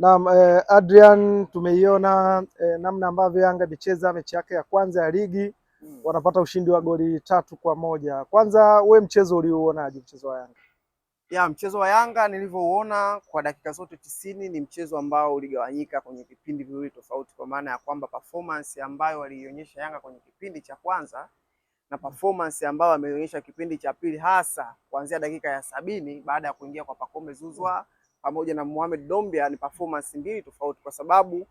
Naam, eh, Adrian tumeiona eh, namna ambavyo Yanga imecheza mechi yake ya kwanza ya ligi hmm. Wanapata ushindi wa goli tatu kwa moja. Kwanza we mchezo uliuonaje, mchezo wa Yanga? Ya, mchezo wa Yanga nilivyouona kwa dakika zote tisini ni mchezo ambao uligawanyika kwenye vipindi viwili tofauti, kwa maana ya kwamba performance ambayo waliionyesha Yanga kwenye kipindi cha kwanza na hmm. performance ambayo ameionyesha kipindi cha pili, hasa kuanzia dakika ya sabini baada ya kuingia kwa Pacome Zuzwa hmm pamoja na Mohamed Dombia ni performance mbili tofauti, kwa sababu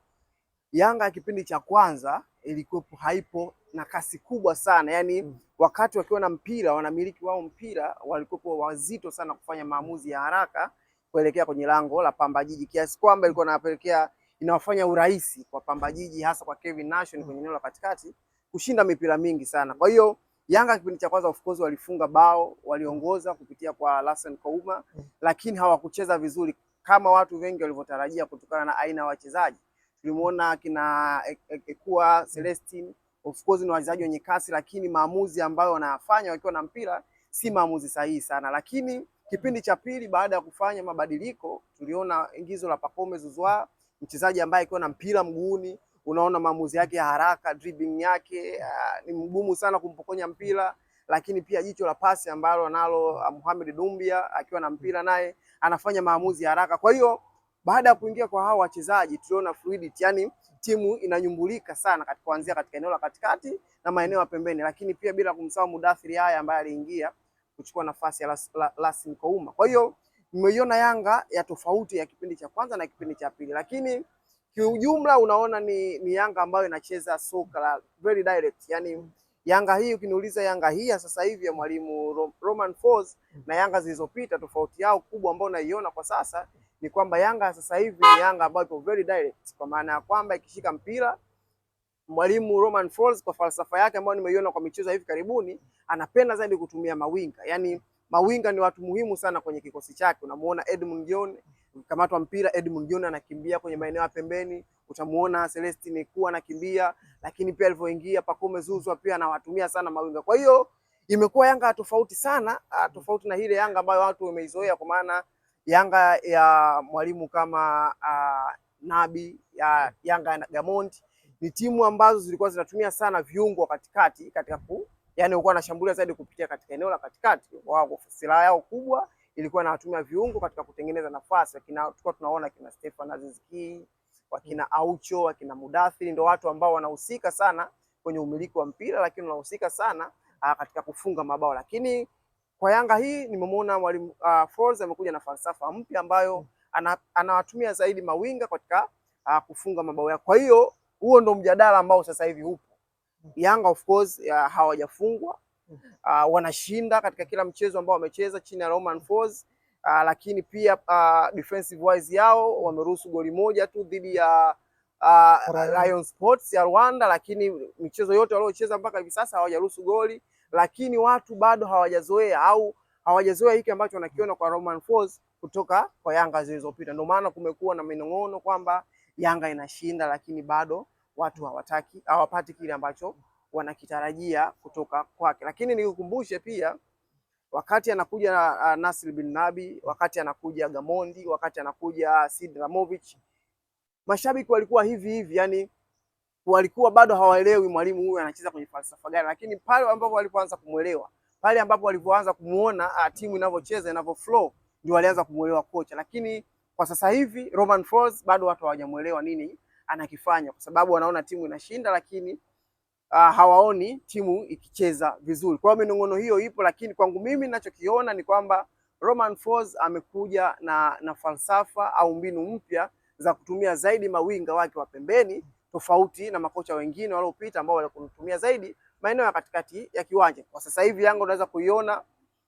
Yanga ya kipindi cha kwanza ilikuwepo haipo na kasi kubwa sana yani, mm. wakati wakiwa na mpira wanamiliki wao mpira walikuwa wazito sana kufanya maamuzi ya haraka kuelekea kwenye lango la Pamba Jiji, kiasi kwamba ilikuwa inapelekea inawafanya urahisi kwa Pamba Jiji, hasa kwa Kevin Nation kwenye eneo la katikati kushinda mipira mingi sana. Kwa hiyo Yanga kipindi cha kwanza of course walifunga bao, waliongoza kupitia kwa Lassen Kouma, mm. lakini hawakucheza vizuri kama watu wengi walivyotarajia kutokana na aina ya wachezaji. Tulimuona kina e-, e-, Ekua Celestin, of course ni wachezaji wenye kasi, lakini maamuzi ambayo wanayafanya wakiwa na mpira si maamuzi sahihi sana. Lakini kipindi cha pili, baada ya kufanya mabadiliko, tuliona ingizo la Pacome Zouzoua, mchezaji ambaye akiwa na mpira mguuni unaona maamuzi yake ya haraka, dribbling yake uh, ni mgumu sana kumpokonya mpira, lakini pia jicho la pasi ambalo analo ah, Mohamed Dumbia akiwa na mpira naye anafanya maamuzi ya haraka. Kwa hiyo baada ya kuingia kwa hawa wachezaji tuliona fluidity, yani timu inanyumbulika sana katika kuanzia katika eneo la katikati na maeneo ya pembeni, lakini pia bila kumsahau Mudathiri haya ambaye aliingia kuchukua nafasi ya Lasin Kouma. Kwa hiyo nimeiona Yanga ya tofauti ya kipindi cha kwanza na kipindi cha pili, lakini Kiujumla unaona ni, ni Yanga ambayo inacheza soka la very direct, yani Yanga hii ukiniuliza, Yanga hii ya sasa hivi ya mwalimu Roman Falls na Yanga zilizopita, tofauti yao kubwa ambayo unaiona kwa sasa ni kwamba Yanga ya sasa hivi ni Yanga ambayo ipo very direct, kwa maana ya kwamba ikishika mpira mwalimu Roman Falls kwa falsafa yake ambayo nimeiona kwa michezo ya hivi karibuni, anapenda zaidi kutumia mawinga. Yani mawinga ni watu muhimu sana kwenye kikosi chake. Unamuona Edmund John wa mpira, Edmund Jona anakimbia kwenye maeneo ya pembeni, utamuona Celestine kuwa anakimbia, lakini pia alivyoingia Pacome Zouzoua pia anawatumia sana mawinga. Kwa hiyo imekuwa Yanga tofauti sana, ah, tofauti na ile Yanga ambayo watu wameizoea, kwa maana Yanga ya mwalimu kama uh, ah, Nabi ya Yanga ya Gamondi ni timu ambazo zilikuwa zinatumia sana viungo katikati katika ku, yani walikuwa wanashambulia zaidi kupitia katika eneo la katikati, wao silaha yao kubwa ilikuwa inawatumia viungo katika kutengeneza nafasi, wakina tulikuwa tunaona kina Stefan Aziz Ki, wakina Aucho, wakina Mudathiri, ndio watu ambao wanahusika sana kwenye umiliki wa mpira, lakini wanahusika sana aa, ah, katika kufunga mabao. Lakini kwa Yanga hii nimemwona mwalimu ah, Folz amekuja na falsafa mpya ambayo anawatumia zaidi mawinga katika aa, ah, kufunga mabao yao. Kwa hiyo huo ndo mjadala ambao sasa hivi upo Yanga, of course hawajafungwa uh, wanashinda katika kila mchezo ambao wamecheza chini ya Roman Folz uh, lakini pia uh, defensive wise yao wameruhusu goli moja tu dhidi ya uh, Lion Sports ya Rwanda, lakini michezo yote waliocheza mpaka hivi sasa hawajaruhusu goli, lakini watu bado hawajazoea au hawajazoea hiki ambacho wanakiona kwa Roman Folz kutoka kwa Yanga zilizopita. Ndio maana kumekuwa na minong'ono kwamba Yanga inashinda, lakini bado watu hawataki hawapati kile ambacho wanakitarajia kutoka kwake. Lakini nikukumbushe pia wakati anakuja uh, ah, Nasri bin Nabi, wakati anakuja Gamondi, wakati anakuja Sid Ramovic, mashabiki walikuwa hivi hivi, yani walikuwa bado hawaelewi mwalimu huyu anacheza kwenye falsafa gani, lakini pale ambapo walipoanza kumwelewa, pale ambapo walipoanza kumuona uh, timu inavyocheza inavyo flow, ndio walianza kumuelewa kocha. Lakini kwa sasa hivi Roman Falls bado watu hawajamuelewa nini anakifanya, kwa sababu wanaona timu inashinda lakini uh, hawaoni timu ikicheza vizuri. Kwa hiyo minong'ono hiyo ipo, lakini kwangu mimi ninachokiona ni kwamba Romain Folz amekuja na, na falsafa au mbinu mpya za kutumia zaidi mawinga wake wa pembeni tofauti na makocha wengine waliopita ambao walikutumia zaidi maeneo ya katikati ya kiwanja. Kwa sasa hivi Yanga unaweza kuiona uh,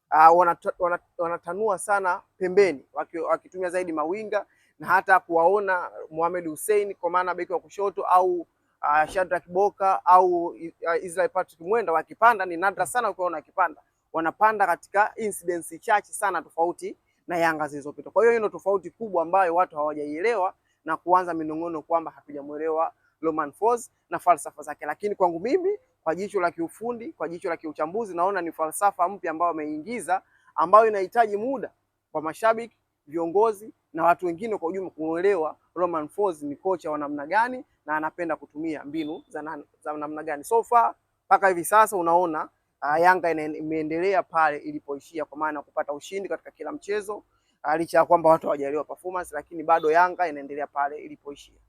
ah, wanata, wana, wanatanua sana pembeni wakitumia zaidi mawinga na hata kuwaona Mohamed Hussein kwa maana beki wa kushoto au uh, Shadrack Boka au uh, Israel Patrick Mwenda wakipanda ni nadra sana ukiona wakipanda, wanapanda katika incidence chache sana, tofauti na Yanga zilizopita. Kwa hiyo hiyo ndio tofauti kubwa ambayo watu hawajaielewa na kuanza minong'ono kwamba hatujamuelewa Romain Folz na falsafa zake, lakini kwangu mimi kwa jicho la kiufundi, kwa jicho la kiuchambuzi, naona ni falsafa mpya ambayo ameingiza, ambayo inahitaji muda kwa mashabiki viongozi na watu wengine kwa ujumla kuelewa Romain Folz ni kocha wa namna gani na anapenda kutumia mbinu za, za namna gani. So far mpaka hivi sasa unaona uh, Yanga imeendelea pale ilipoishia kwa maana ya kupata ushindi katika kila mchezo uh, licha ya kwamba watu hawajaelewa performance, lakini bado Yanga inaendelea pale ilipoishia.